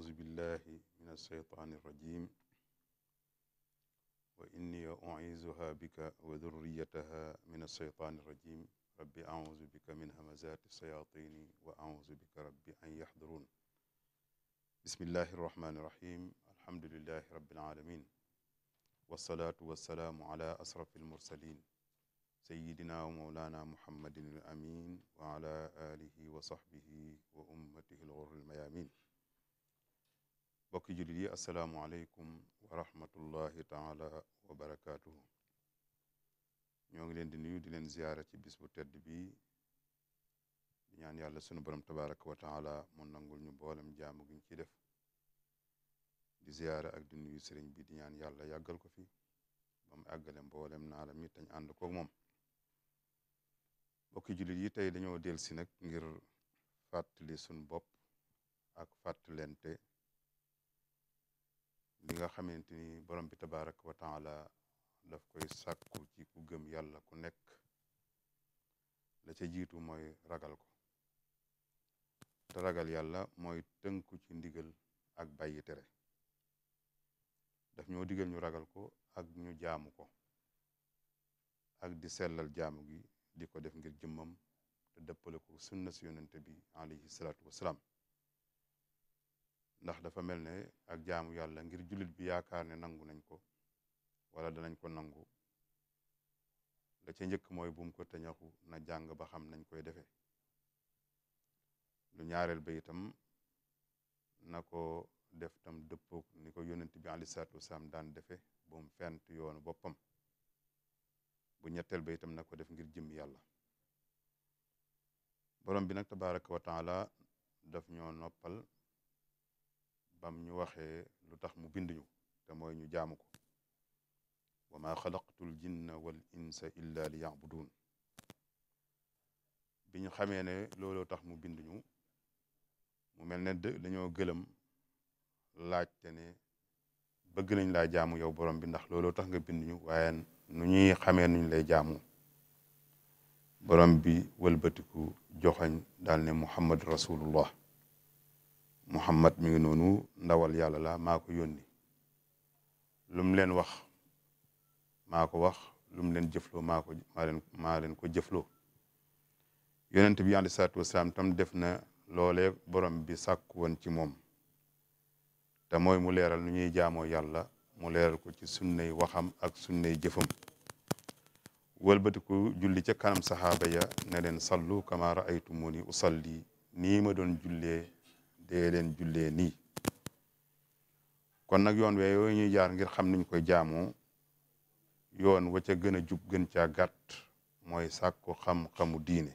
أعوذ بالله من الشيطان الرجيم وإني أعيذها بك وذريتها من الشيطان الرجيم ربي أعوذ بك من همزات الشياطين وأعوذ بك ربي أن يحضرون بسم الله الرحمن الرحيم الحمد لله رب العالمين والصلاة والسلام على أشرف المرسلين سيدنا ومولانا محمد الأمين وعلى آله وصحبه وأمته الغر الميامين bokki jullit yi asalaamualeykum wa rahmatullahi taala wa barakaatuhu ñoo ngi leen di nuyu di leen ziyaara ci bis bu tedd bi di ñaan yàlla sunu borom tabaraka wa taala mu nangul ñu boolem jaamu gi ciy def di ziyaara ak di nuyu sëriñ bi di ñaan yàlla yàggal ko fi ba mu àggale mboolem mi tañ ànd koog moom bokki jullit yi tey dañoo del si nag ngir fàttali sunu bopp ak fàttalente li nga xamante ni borom bi tabaraka wa taala def koy sàkku ci ku gëm yàlla ku nekk la ca jiitu mooy ragal ko te ragal yàlla mooy tënku ci ndigal ak bàyyi tere daf ñoo digal ñu ragal ko ak ñu jaamu ko ak di sellal jaamu gi di ko def ngir jëmmam te dëppale ko sunna si yonente bi alayhi salaatu wasalaam ndax dafa mel ne ak jaamu yàlla ngir julit bi yaakaar ne nangu nañ ko wala danañ ko nangu la ca njëkk mooy bu mu ko tëñaxu na jàng ba xam nañ koy defe lu ñaareel ba itam na ko def tam dëppoog ni ko yonent bi aleyhi salaatu wasalaam daan defe bu mu fent yoonu boppam bu ñetteel ba itam na ko def ngir jëm yàlla borom bi nag tabaraka wa daf ñoo noppal bam ñu waxee lu tax mu binduñu te mooy ñu jaamu ko wa ma xalaqtul jinna wal insa illa li yabudun bi ñu xamee ne looloo tax mu binduñu mu mel ne dañoo gëlëm laajte ne bëgg nañ laa jaamu yow borom bi ndax looloo tax nga binduñu ñu waaye nu ñuy xamee nuñ lay jaamu borom bi wëlbatiku joxoñ daal ne muhammad rasulullah Muhammad mi ngi noonu ndawal yàlla la maa ko yónni lu mu leen wax maa ko wax lu leen jëfloo maa ko maa leen maa leen ko jëfloo yonent bi alayhi salaatu tam def na loolee borom bi sàkk woon ci moom te mooy mu leeral nu ñuy jaamoo yàlla mu leeral ko ci sunnay waxam ak sunnay jëfam wëlbatiku julli ca kanam saxaaba ya ne leen sallu kama raaytumuni usalli nii ma doon jullee dee leen jullee nii kon nag yoon we yooyu ñuy jaar ngir xam niñ koy jaamoo yoon wa ca gën a jub gën caa gàtt mooy sàkku xam-xamu diine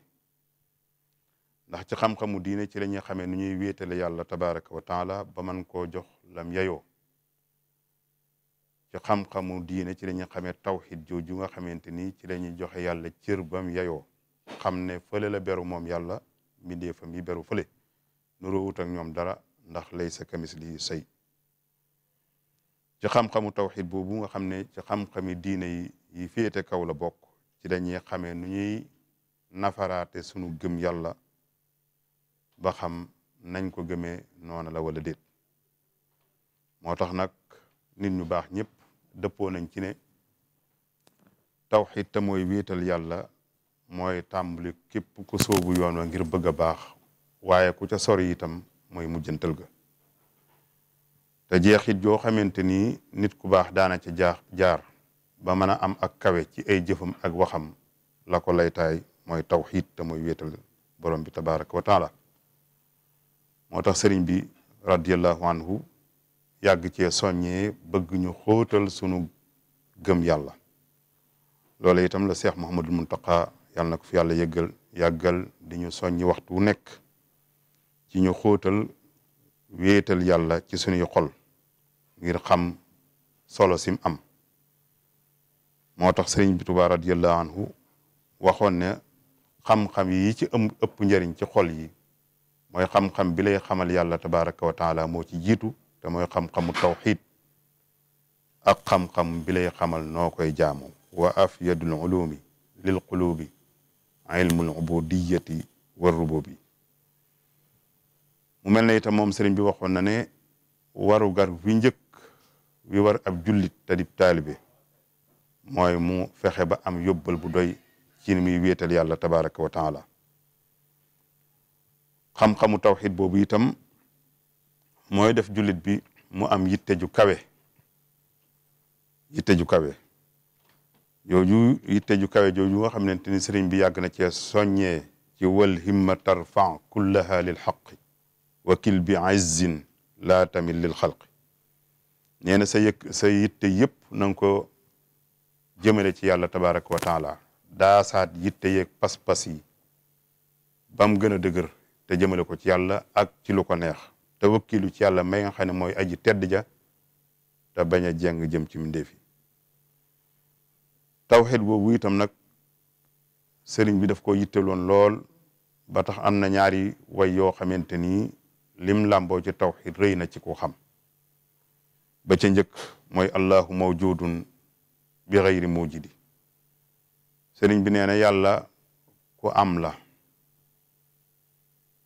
ndax ci xam-xamu diine ci la ñuy xamee nu ñuy wéetale yàlla tabaraka wa ba man koo jox lam yayo ci xam-xamu diine ci la ñuy xamee tawxid jooju nga xamante ni ci la ñuy joxe yàlla cër bam yayo xam ne fële la beru moom yàlla mbindeefam yi beru fale nuroowut ak ñoom dara ndax lay sa kamis li ci xam-xamu tawxid boobu nga xam ne ci xam-xami diine yi yi féete kaw la bokk ci dañuy xamee nu ñuy nafaraate sunu gëm yàlla ba xam nañ ko gëmee noona wala déet moo tax nag nit ñu baax ñépp dëppoo nañ ci ne tawxid te mooy wéetal yàlla mooy tàmbali képp ko sóobu yoon wa ngir bëgg a baax waaye ku ca sori itam mooy mujjantal ga te jeexit joo xamante ni nit ku baax daana ca jaax jaar ba mën a am ak kawe ci ay jëfam ak waxam la ko laytaay mooy tawxiid te mooy wéetal borom bi tabaraka wa taala moo tax sëriñ bi radiallahu anhu yàgg cee soññee bëgg ñu xóotal sunu gëm yàlla loolu itam la seex Muhammadul Muntaqa yàlla na ko fi yàlla yëggal yàggal di ñu soññi waxtu wu nekk ci ñu xóotal wéetal yàlla ci suñuy xol ngir xam solo sim am moo tax sëriñ bi Tuubaa radiyallahu anhu waxoon ne xam-xam yi ci ëm ëpp njëriñ ci xol yi mooy xam-xam bi lay xamal yàlla tabaraka wa taala moo ci jiitu te mooy xam-xamu tawxid ak xam-xam bi lay xamal noo koy jaamu wa afyadul ulumi lil qulubi ilmul ubudiyati wa rububi mu mel ne itam moom sëriñ bi waxoon na ne waru gar wi njëkk wi war ab jullit te di taalibe mooy mu fexe ba am yóbbal bu doy ci ni muy wéetal yàlla tabaraka wa taala xam-xamu tawxid boobu itam mooy def jullit bi mu am yitte kawe yitte ju kawe jooju yitte ju kawe jooju nga xamante ni sëriñ bi yàgg na cee soññee ci wal himma tarfa kullaha lil xaqi wakil bi azzin la tamit lil xalq nee sa yëg sa yitte yëpp na nga jëmale ci yàlla tabaraka wa taala daasaat yitte yeeg pas-pas yi bam gën a dëgër te jëmale ko ci yàlla ak ci lu ko neex te wakkilu ci yàlla may nga xam ne mooy aji tedd ja te bañ a jeng jëm ci mbindeef yi tawxid boobu itam nag sëriñ bi daf ko yitteloon lool ba tax am na ñaari way yoo xamante ni lim làmboo ci tawxid rëy na ci ku ba ci njëkk mooy allahu mawjudun bi xayri mujidi sëriñ bi nee na yàlla ku am la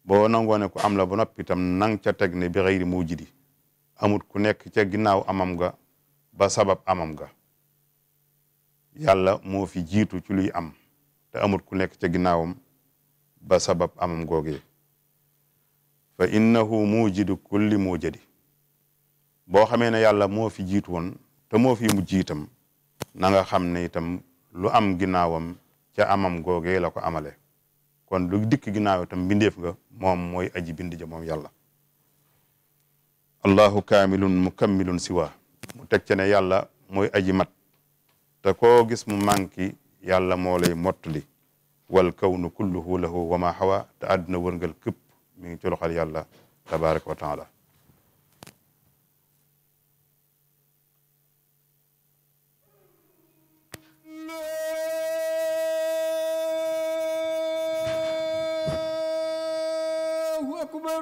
boo nangoo ne ku am la ba noppi nang ca teg ne bi xayri mujidi amut ku nekk ca ginnaaw amam ga ba sabab amam ga yàlla moo jiitu ci luy am te amut ku nekk ca ginnaawam ba sabab amam googee fa innahu mujidu kulli mujadi boo xamee ne yàlla moo fi jiitu woon te moo mu jiitam na nga xam ne itam lu am ginnaawam ca amam googee la ko amale kon lu dikk ginnaaw itam mbindeef nga moom mooy aji bind ja moom yàlla allahu kaamilun mukammilun siwa mu teg ca ne yàlla mooy aji mat te ko gis mu manki yàlla moo lay mottali wal kawnu kulluhu lahu wa ma hawa àdduna wërngal këpp mi ngi ci loxol yàlla tabaraka wa taala akbar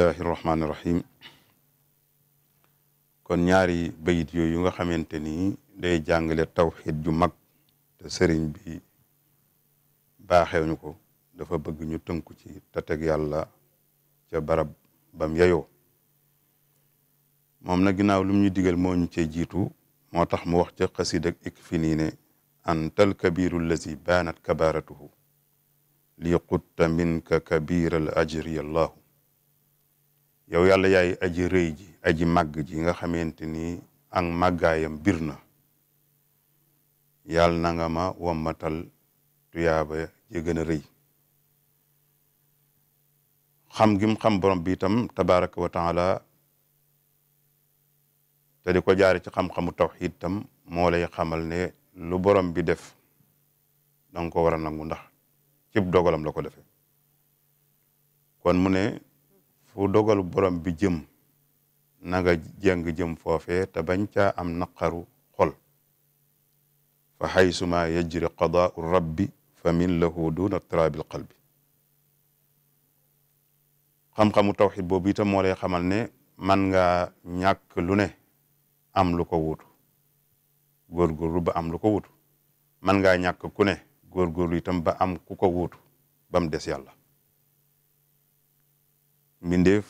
bismillahi irrahmaani irrahim kon ñaari bayit yooyu nga xamante ni day jàngale tawxid ju mag te sëriñ bi baaxew ñu ko dafa bëgg ñu tënku ci te teg yàlla ca barab bam yeyoo moom na ginnaaw lum ñu digal moo ñu cee jiitu moo tax mu wax ca xasid ak ik fi nii ne antal kabiru lazi baanat kabaaratuhu li qutta minka yow yàlla yaay aji rëy ji aji màgg ji nga xamante ni ak màggaayam bir na yàlla na nga ma wammatal tuyaaba ji gën a rëy xam gim xam borom bi itam tabaraka wa taala te di ko jaare ci xam-xamu tawxid tam moo xamal ne lu borom bi def danga ko war a nangu ndax cib dogalam la ko defe kon mu ne fu dogalu borom bi jëm na nga jàng jëm foofee te bañ caa am naqaru xol fa xaysuma yajri qadaau rabbi fa min lahu duna turabil qalbi xam-xamu tawxid boobu itam moo lay xamal ne man nga ñàkk lu ne am lu ko wuutu góorgóorlu ba am lu ko wuutu man ngaa ñàkk ku ne góorgóorlu itam ba am ku ko wuutu ba mu des yàlla mbindeef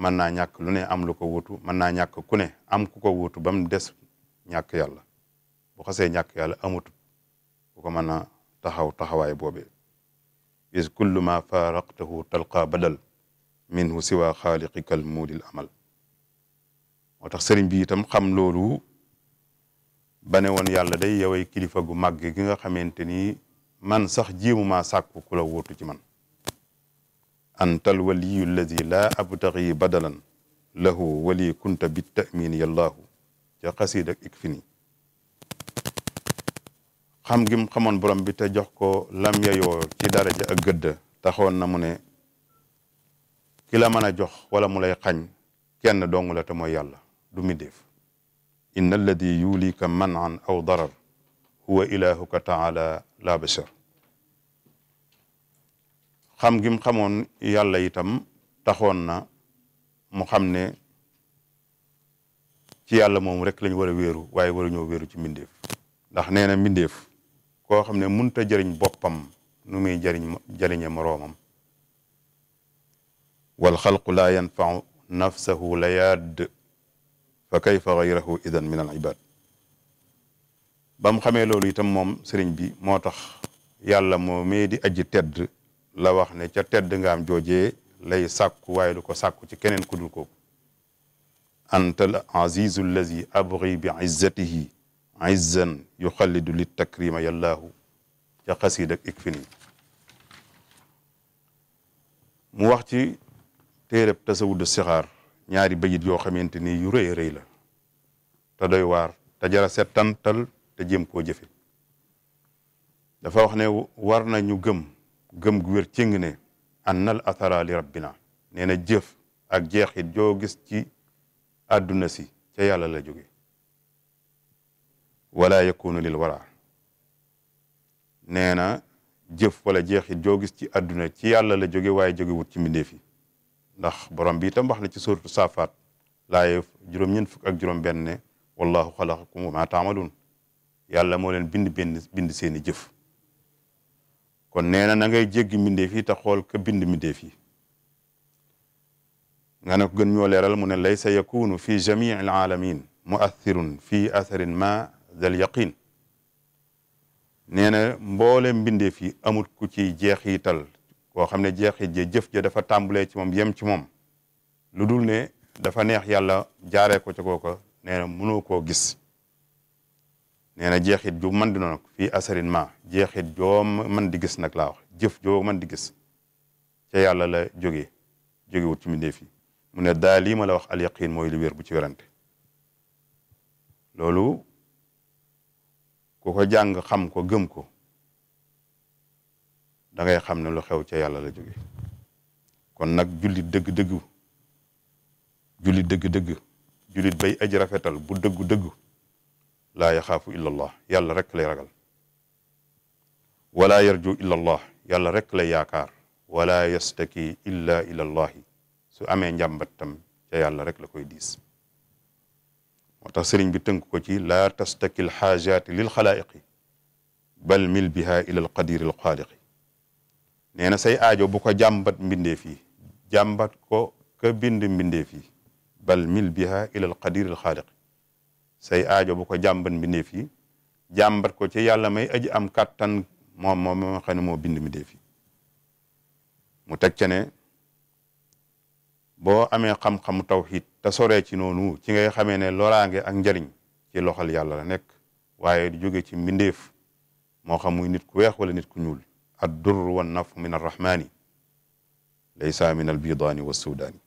mën naa ñàkk lu ne am lu ko wutu mën naa ñàkk ku ne am ku ko wutu ba mu des ñàkk yàlla bu xasee ñàkk yàlla amutut ku ko mën a taxaw taxawaay boobe is kullu ma faraqtahu talqa badal minhu siwa xaaliqikal muudil amal moo tax sëriñ bi itam xam loolu ba woon yàlla day yoway kilifa gu màgg gi nga xamante ni man sax jéemu maa sàkku ku la wuutu ci man antal waliyu lladi laa abtaxi badalan lahu wali kunta bi tamin yallaahu ca xasiid ak ik fi ni xam gim xamoon borom bi te jox ko lam yayoo ci daraja ak gëdd taxoon na mu ne ki la mën a jox wala mu lay xañ kenn dong la te mooy du mi def inna alladi yulika manan aw darar huwa ilahuka taala la bashar xam gim xamoon yàlla itam taxoon na mu xam ne ci yàlla moom rek lañ wara a wéeru waaye waruñoo wéeru ci mbindeef ndax nee na mbindeef koo xam ne munta jariñ boppam nu muy jëriñ jariñe moroomam wal xalqu laa yanfau nafsahu layaad fa kayfa gayrahu idan min al ibad ba mu xamee loolu itam moom sëriñ bi moo tax yàlla moo mee di aji tedd la wax ne ca tedd ngaam jooje lay sàkku waaye du ko sàkku ci keneen ku ko kooku anta al azizu allazi abri bi izzatihi izzan yu lit takrima yallaahu ca xasiid ak ikfin yi mu wax ci téereb tasawudu sixaar ñaari bayit yoo xamante ni yu rëy rëy la te doy waar te jara settantal te jéem koo jëfe dafa wax ne war nañu gëm gëm gu wér cëng ne annal athara li rabbina nee na jëf ak jeexit joo ci àdduna si ca yàlla la jóge wala yakunu lil wara nee na jëf wala jeexit joo gis ci àdduna ci yàlla la jóge waaye jóge wut ci mbindeef yi ndax borom bi itam wax na ci suratu saafaat laaye juróom-ñeent fukk ak juróom-benn ne wallahu xalaqakum wa ma taamaluun yàlla moo leen bind benn bind seeni jëf kon nee na na ngay jéggi mbindeef yi te xool ka bind mbindeef fi nga ne ko gën ñoo leeral mu ne laysa yakunu fi jamii al alamin muathirun fi atharin ma dal yaqin nee na mboole mbindeef yi amut ku ci jeexiital koo xam ne jeexit ja jëf ja dafa tàmbulee ci moom yem ci moom lu dul ne dafa neex yàlla jaaree ko ci kooka nee na mënoo koo gis nee na jeexit ju mën di noonu fii asarin ma jeexit joo mën di gis nag laa wax jëf joo mën di gis ca yàlla la jógee jógewut ci mbindeef mu ne daal lii ma la wax al mooy li wér bu ci werante loolu ku ko jàng xam ko gëm ko da ngay xam ne lu xew ca yàlla la jóge kon nag jullit dëgg-dëgg jullit dëgg-dëgg jullit bay aji bu dëggu-dëgg laa yaxaafu illa allah yàlla rek lay ragal wala yarju illa allah yàlla rek lay yaakaar wala yastaki illa ila allahi su amee njàmbat ca yàlla rek la koy diis moo tax sëriñ bi tënk ko ci laa tastaki lxaajaati lil xalaayiqi bal mil biha ila alqadiri alxaaliqi nee na say aajo bu ko jàmbat mbindeef yi jàmbat ko ka bind mbindeef yi bal mil biha ila alqadiri alxaaliqi say aajo bu ko jàmbat mbindeef yi jàmbat ko ci yàlla may aji am kàttan moom mo moo xam ne moo bind mbindeef yi mu teg ca ne boo amee xam-xamu tawxiid te soree ci noonu ci ngay xamee ne loraange ak njariñ ci loxol yàlla la nekk waaye du jóge ci mbindeef moo xam muy nit ku weex wala nit ku ñuul ad durru wan naf min arrahmaani laysa min albidaani wassudaani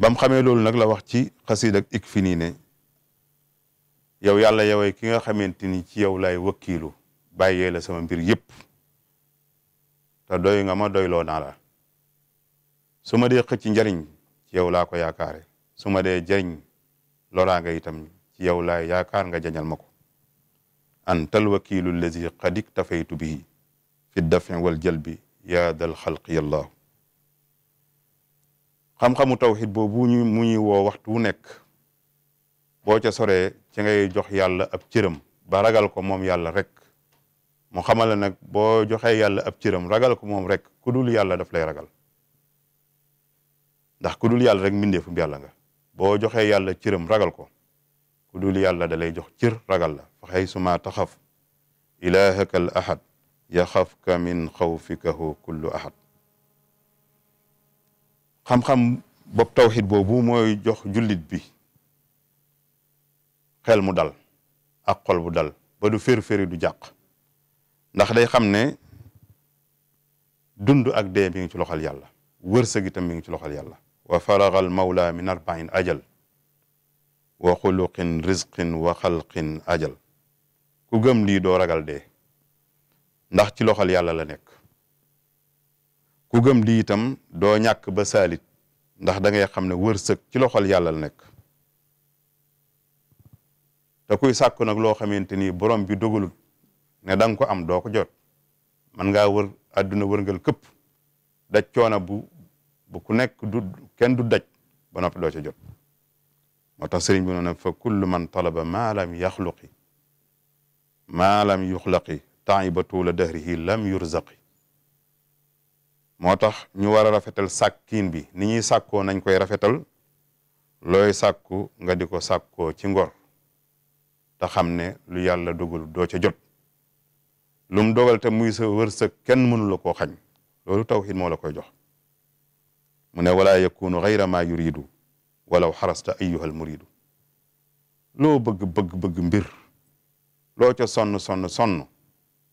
bam xamee loolu nag la wax ci xasiid ik fi nii yow yàlla yowee ki nga xamante ni ci yow lay wakkiilu bàyyee la sama mbir yépp te doy nga ma doyloo naa la su ma dee xëcc njariñ ci yow laa ko yaakaare su ma dee jariñ loolaa nga itam ci yow laay yaakaar nga jañal ma ko antal wakiilu allazi qad iktafaytu bihi fi dafi wal jalbi yaa dal xalqi yallahu xam-xamu tawxid boobu ñu mu waxtu wu nekk boo ca soree ci ngay jox yàlla ab cëram ba ragal ko moom yàlla rek mu xamala la nag boo joxee yàlla ab cëram ragal ko moom rek ku dul yàlla daf lay ragal ndax ku dul yàlla rek mbindeefum yàlla nga boo joxe yàlla cëram ragal ko ku dul da lay jox cër ragal la fa xay suma taxaf ilahaka al ahad yaxafka min xawfikahu kullu ahad xam-xam bopp tawxid boobu mooy jox jullit bi xel mu dal ak xol dal ba du fér-féri du jàq ndax day xam ne dund ak de mi ngi ci loxol yàlla wërsëg itam mi ngi ci loxol yàlla wa faragal mawla min arbain ajal wa xuluqin rizqin wa xalqin ajal ku gëm di doo ragal de ndax ci loxol yàlla la nekk ku gëm di itam doo ñàkk ba saalit ndax da ngay xam ne wërsëg ci loxol yàlla la nekk te kuy sàkku nag loo xamante ni borom bi dogalul ne da ko am doo ko jot man ngaa wër àdduna wërngal këpp daj coono bu bu ku nekk du kenn du daj ba noppi doo ca jot moo tax sëriñ bi noonu fa kullu man talaba maa lam yaxluqi maa lam yuxlaqi taibatu la dahrihi lam yurzaqi moo tax ñu war a rafetal sàkkiin bi ni ñi sàkkoo nañ koy rafetal looy sàkku nga di ko sàkkoo ci ngor te xam ne lu yàlla dogal doo ca jot lu mu dogal te muy sa wërsëg kenn mënu la koo xañ loolu tawxiid moo la koy jox mu ne wala yakunu gayra ma yuridu walaw xarasta ayyuhal muridu loo bëgg bëgg mbir loo ca sonn sonn sonn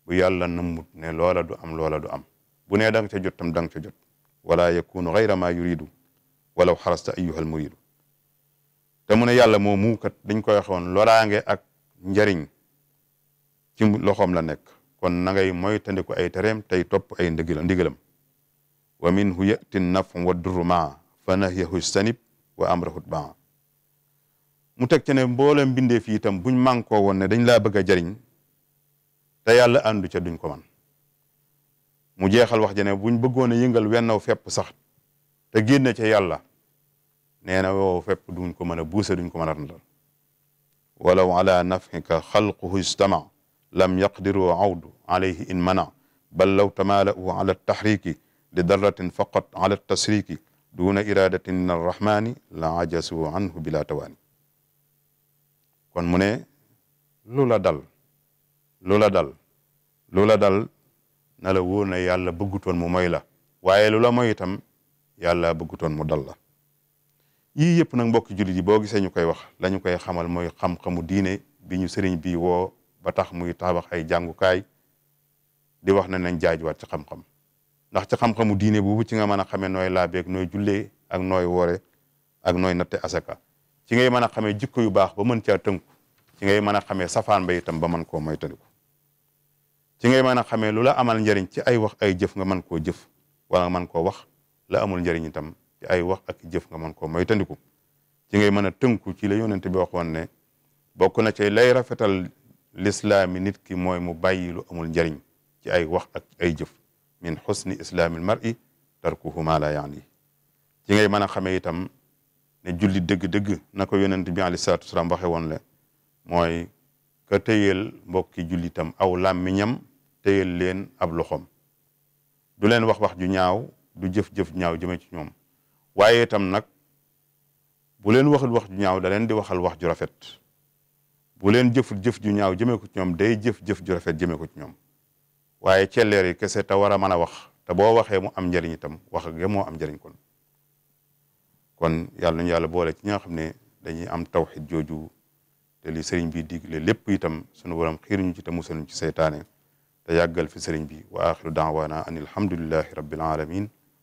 bu yàlla nammut ne loola du am loola du am bu ne da ca jot tam dang nga jot wala yakunu gayra ma yuridu walaw xarasta ayyuhal muridu te mu ne yàlla moo muukat dañ koy waxoon loraange njariñ ci loxoom la nekk kon na ngay moytandiku ay tereem tey topp ay ndigal ndigalam wa minhu yati naf wa durru maa fa nahyahu sanib wa amrahu baa mu teg ci ne mboolem mbindeef yi tam buñ mànkoo woon ne dañ laa bëgg a jariñ te yàlla àndu ca duñ ko man mu jeexal wax ji ne buñ bëggoon a yëngal wennaw fepp sax te génne ca yàlla nee na woow fepp duñ ko mën a buuse duñ ko mën a randal walaw ala nafika xalquhu istama lam yaqdiru awdu alayhi in mana bal law tamalau ala tahriki li darratin faqat ala tasriki duna iradatin min arrahmani la ajasu anhu bila tawaani kon mu ne lu la dal lu la dal lu la dal na la wóor ne yàlla bëggutoon mu moy la waaye lu la moy itam yàlla bëggutoon mu dal la yii yëpp nag mbokki jullit yi boo gisee ñu koy wax la ñu koy xamal mooy xam-xamu diine bi ñu sëriñ bi woo ba tax muy tabax ay jàngukaay di wax ne nañ jaajuwaat ci xam-xam ndax ci xam-xamu diine boobu ci nga mën a xamee nooy laabeeg nooy jullee ak nooy woore ak nooy natte asaka ci ngay mën a xamee jikko yu baax ba mën caa tënku ci ngay mën a xamee safaan ba itam ba mën koo moytaliku ci ngay mën a xamee lu la amal njariñ ci ay wax ay jëf nga mën koo jëf wala nga mën koo wax la amul njariñ itam ci ay wax ak jëf nga mën koo moytandiku ci ngay mën a tënku ci la yonent bi ne bokk na ci lay rafetal lislaami nit ki mooy mu bàyyi lu amul njariñ ci ay wax ak ay jëf min xusni islaamil mar'i tarkuhu ma la yaani ci ngay mën a xamee itam ne julli dëgg-dëgg na ko yonent bi alayhi salaatu wasalaam waxe woon la mooy ka téyel mbokki jullitam aw làmmiñam téyel leen ab loxoom du leen wax wax ju ñaaw du jëf-jëf ñaaw jëme ci ñoom waaye itam nag bu leen waxul wax ju ñaaw da leen di waxal wax ju rafet bu leen jëful jëf ju ñaaw jëmee ko ñoom day jëf jëf ju rafet jëmee ko ci ñoom waaye celleer yi kese te war a mën a wax te boo waxee mu am njëriñ itam wax ge moo am njariñ kon kon yàlla nañu yàlla boole ci ñi nga xam ne dañuy am tawxid jooju te li sëriñ bi digle lépp itam sunu borom xiir ñu ci te musal ci seytaane te yàggal fi sëriñ bi wa axiru daawaana an alhamdulillahi rabbil alamin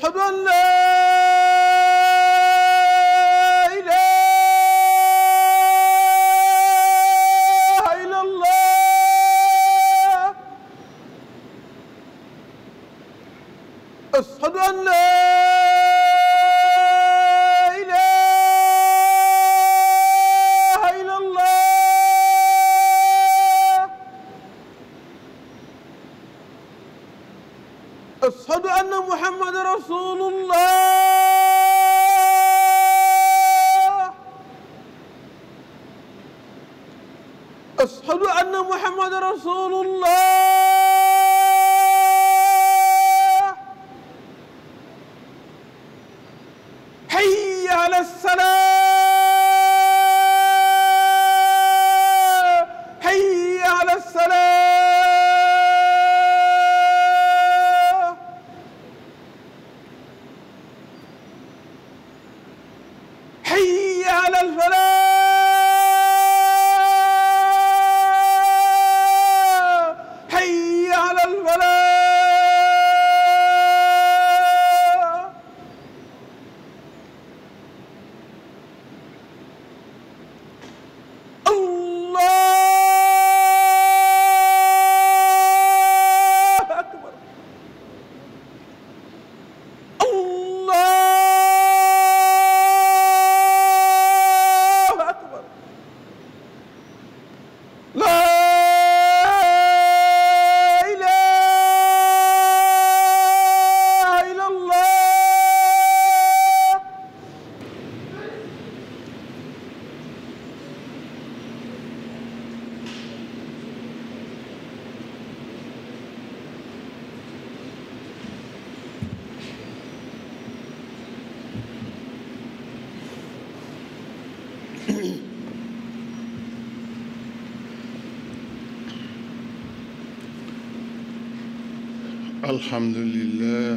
أشهد أن لا واشهد ان محمد رسول الله اشهد ان محمد رسول الله الحمد لله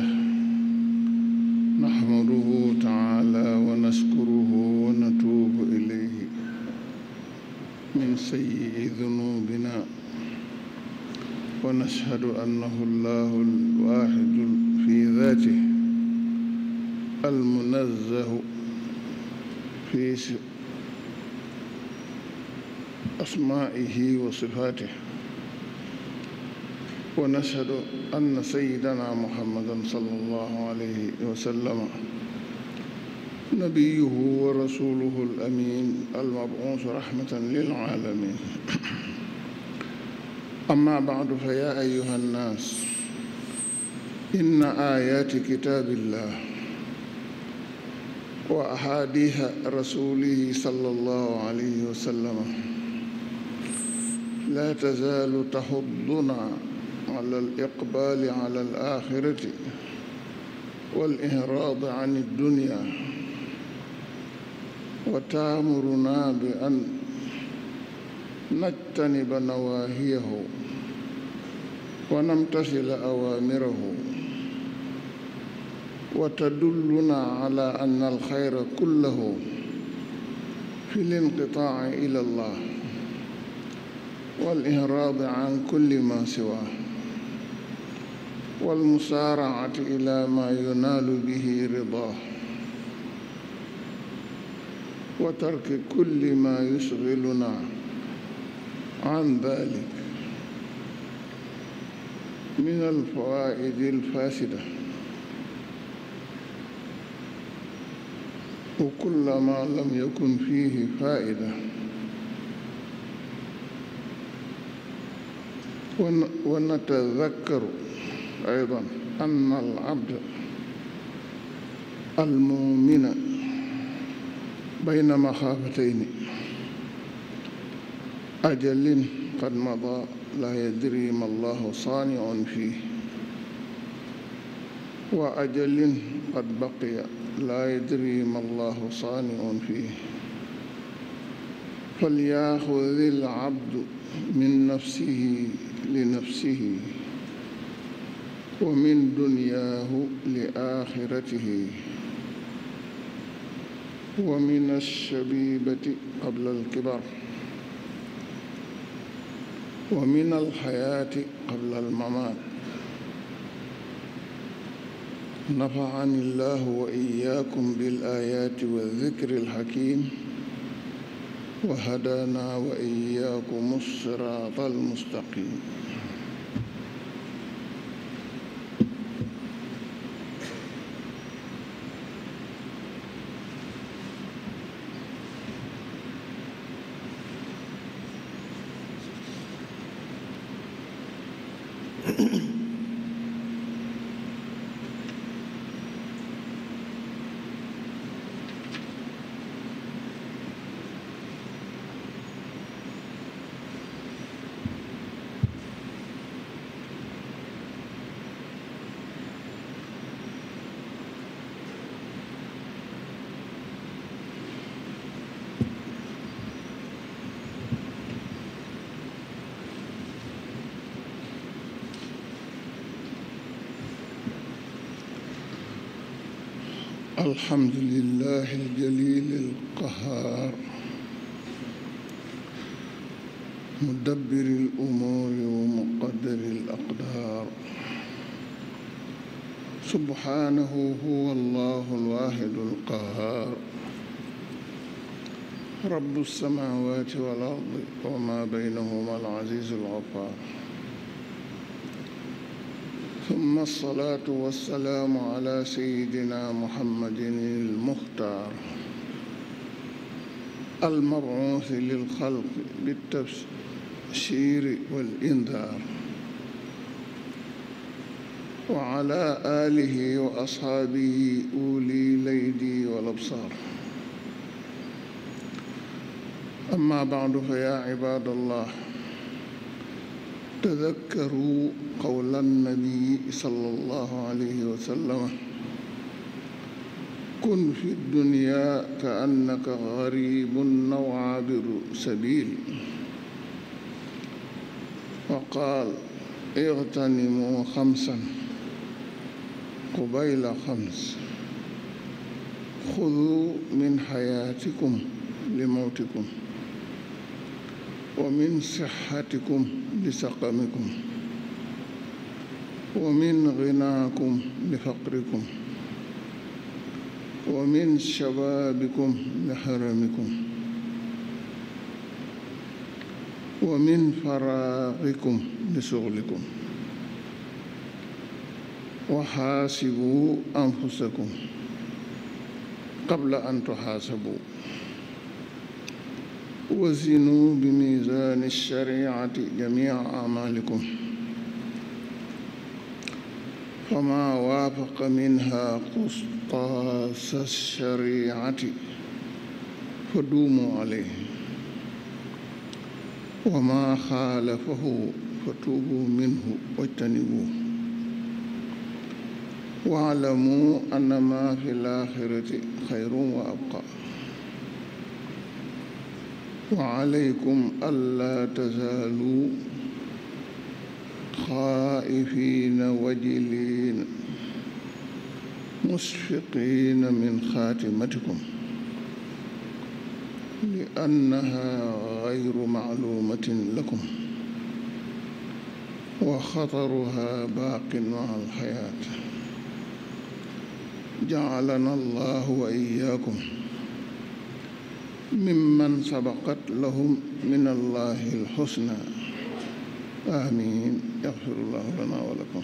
نحمده تعالى ونشكره ونتوب إليه من سيء ذنوبنا ونشهد أنه الله الواحد في ذاته المنزه في أسمائه وصفاته ونشهد أن سيدنا محمدا صلى الله عليه وسلم نبيه ورسوله الأمين المبعوث رحمة للعالمين أما بعد فيا أيها الناس إن آيات كتاب الله وأحاديث رسوله صلى الله عليه وسلم laa tazaalu taxudduna ala aliqbaali ala alaxirati walihraadi an addunia wa taamuruna bi an najtaniba nawaahiyahu wa namtasila awaamirahu wa tadulluna ala anna alxayra kullahu fi linqitaaci ila allah والإعراض عن كل ما سواه والمسارعة إلى ما ينال به رضاه وترك كل ما يشغلنا عن ذلك من الفوائد الفاسده وكل ما لم يكن فيه فائده ونتذكر أيضا أن العبد المؤمن بين مخافتين أجل قد مضى لا يدري ما الله صانع فيه وأجل قد بقي لا يدري ما الله صانع فيه فليأخذ العبد من نفسه لنفسه ومن دنياه لآخرته ومن الشبيبة قبل الكبر ومن الحياة قبل الممات نفعني الله وإياكم بالآيات والذكر الحكيم وهدانا وإياكم الصراط المستقيم الحمد لله الجليل القهار مدبر الأمور ومقدر الأقدار سبحانه هو الله الواحد القهار رب السماوات والأرض وما بينهما العزيز الغفار ثم الصلاة والسلام على سيدنا محمد المختار المبعوث للخلق بالتبشير والإنذار وعلى آله وأصحابه أولي ليدي والأبصار أما بعد فيا عباد الله tadakkaru qawla nabi sallallahu alayhi wa sallam kun fi dunya ka annaka gharibun aw abiru sabil wa qaal igtanimu xamsan qubayla xams xudu min xayaatikum li mawtikum wa min sixatikum لسقمكم ومن غناكم لفقركم ومن شبابكم لحرمكم ومن فراغكم لشغلكم وحاسبوا أنفسكم قبل أن تحاسبوا wazinuu bi miizaani shariati jamiia amaalikum famaa waafaqa minhaa qistaasa shariati faduumuu alayhi wamaa xaalafahu fatuubuu minhu wajtanibuu waalamu anna maa fi laaxirati xayrun wa abqaa وعليكم ألا تزالوا خائفين وجلين مشفقين من خاتمتكم لأنها غير معلومة لكم وخطرها باق مع الحياة جعلنا الله وإياكم mimman sabaqat lahum min allahi alxusna amin yaxfirullahu lana wa lakum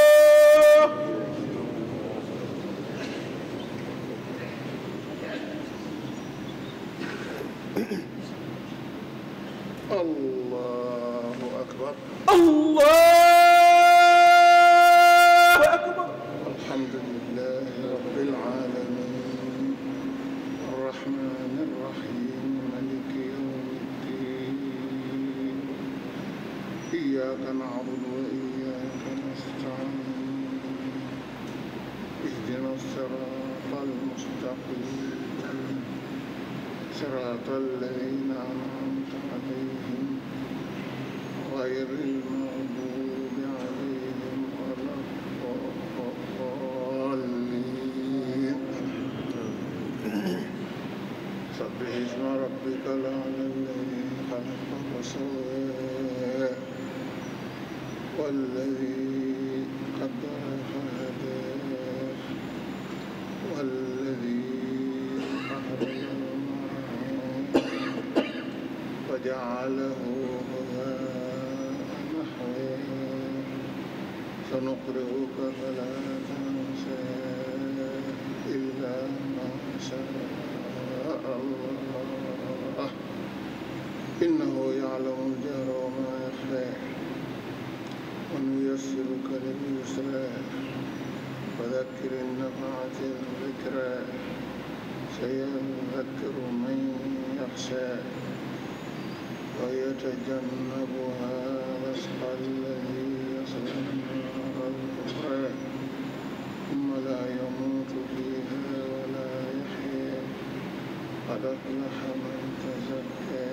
قد أفلح من تزكى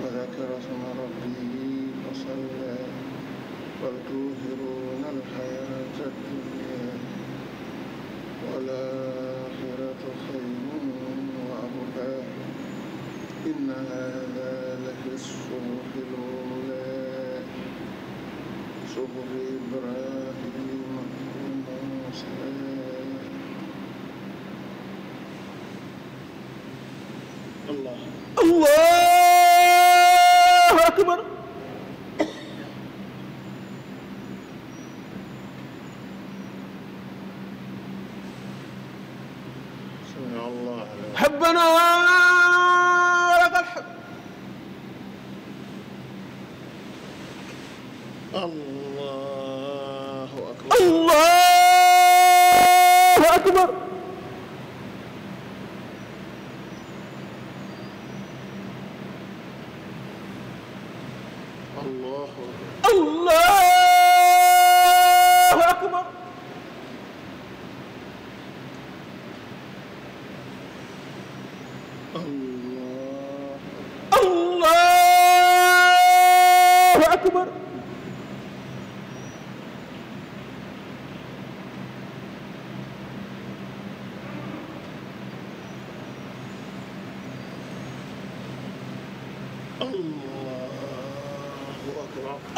وذكر اسم ربه فصلى بل توثرون الحياة الدنيا والآخرة خير وأبقى إن هذا لفي الصحف الأولى صحف إبراهيم وموسى الله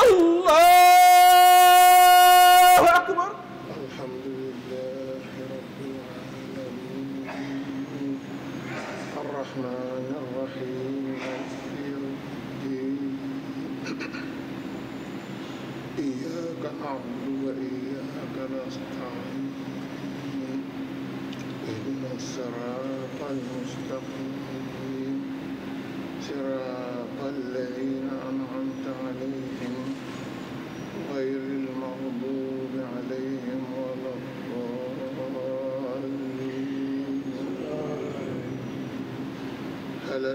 الله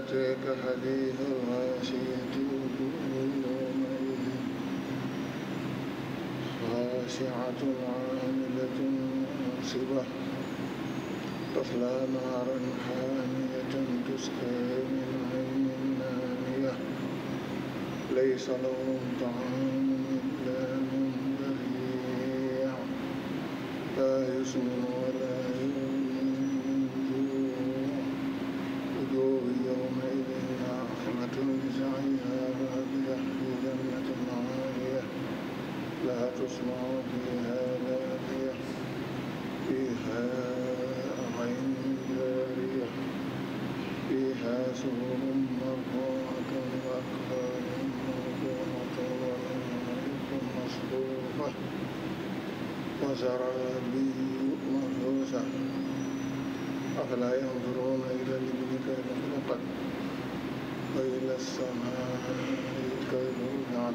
أتاك حديث الغاشية وجوه يومئذ خاشعة عاملة منصبة تصلى نارا حامية تسقى من عين نانية ليس لهم طعام إلا من ضريع لا يسمعون أسمع فيها لاغية فيها عين جارية فيها سرر مرفوعة وأكواب موضوعة وأنعام مصفوفة وزرابي مهروسة أفلا ينظرون إلى الإبل كيف خلقت وإلى السماء كيف رفعت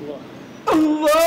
الله الله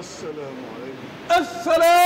asalaamaaleykum.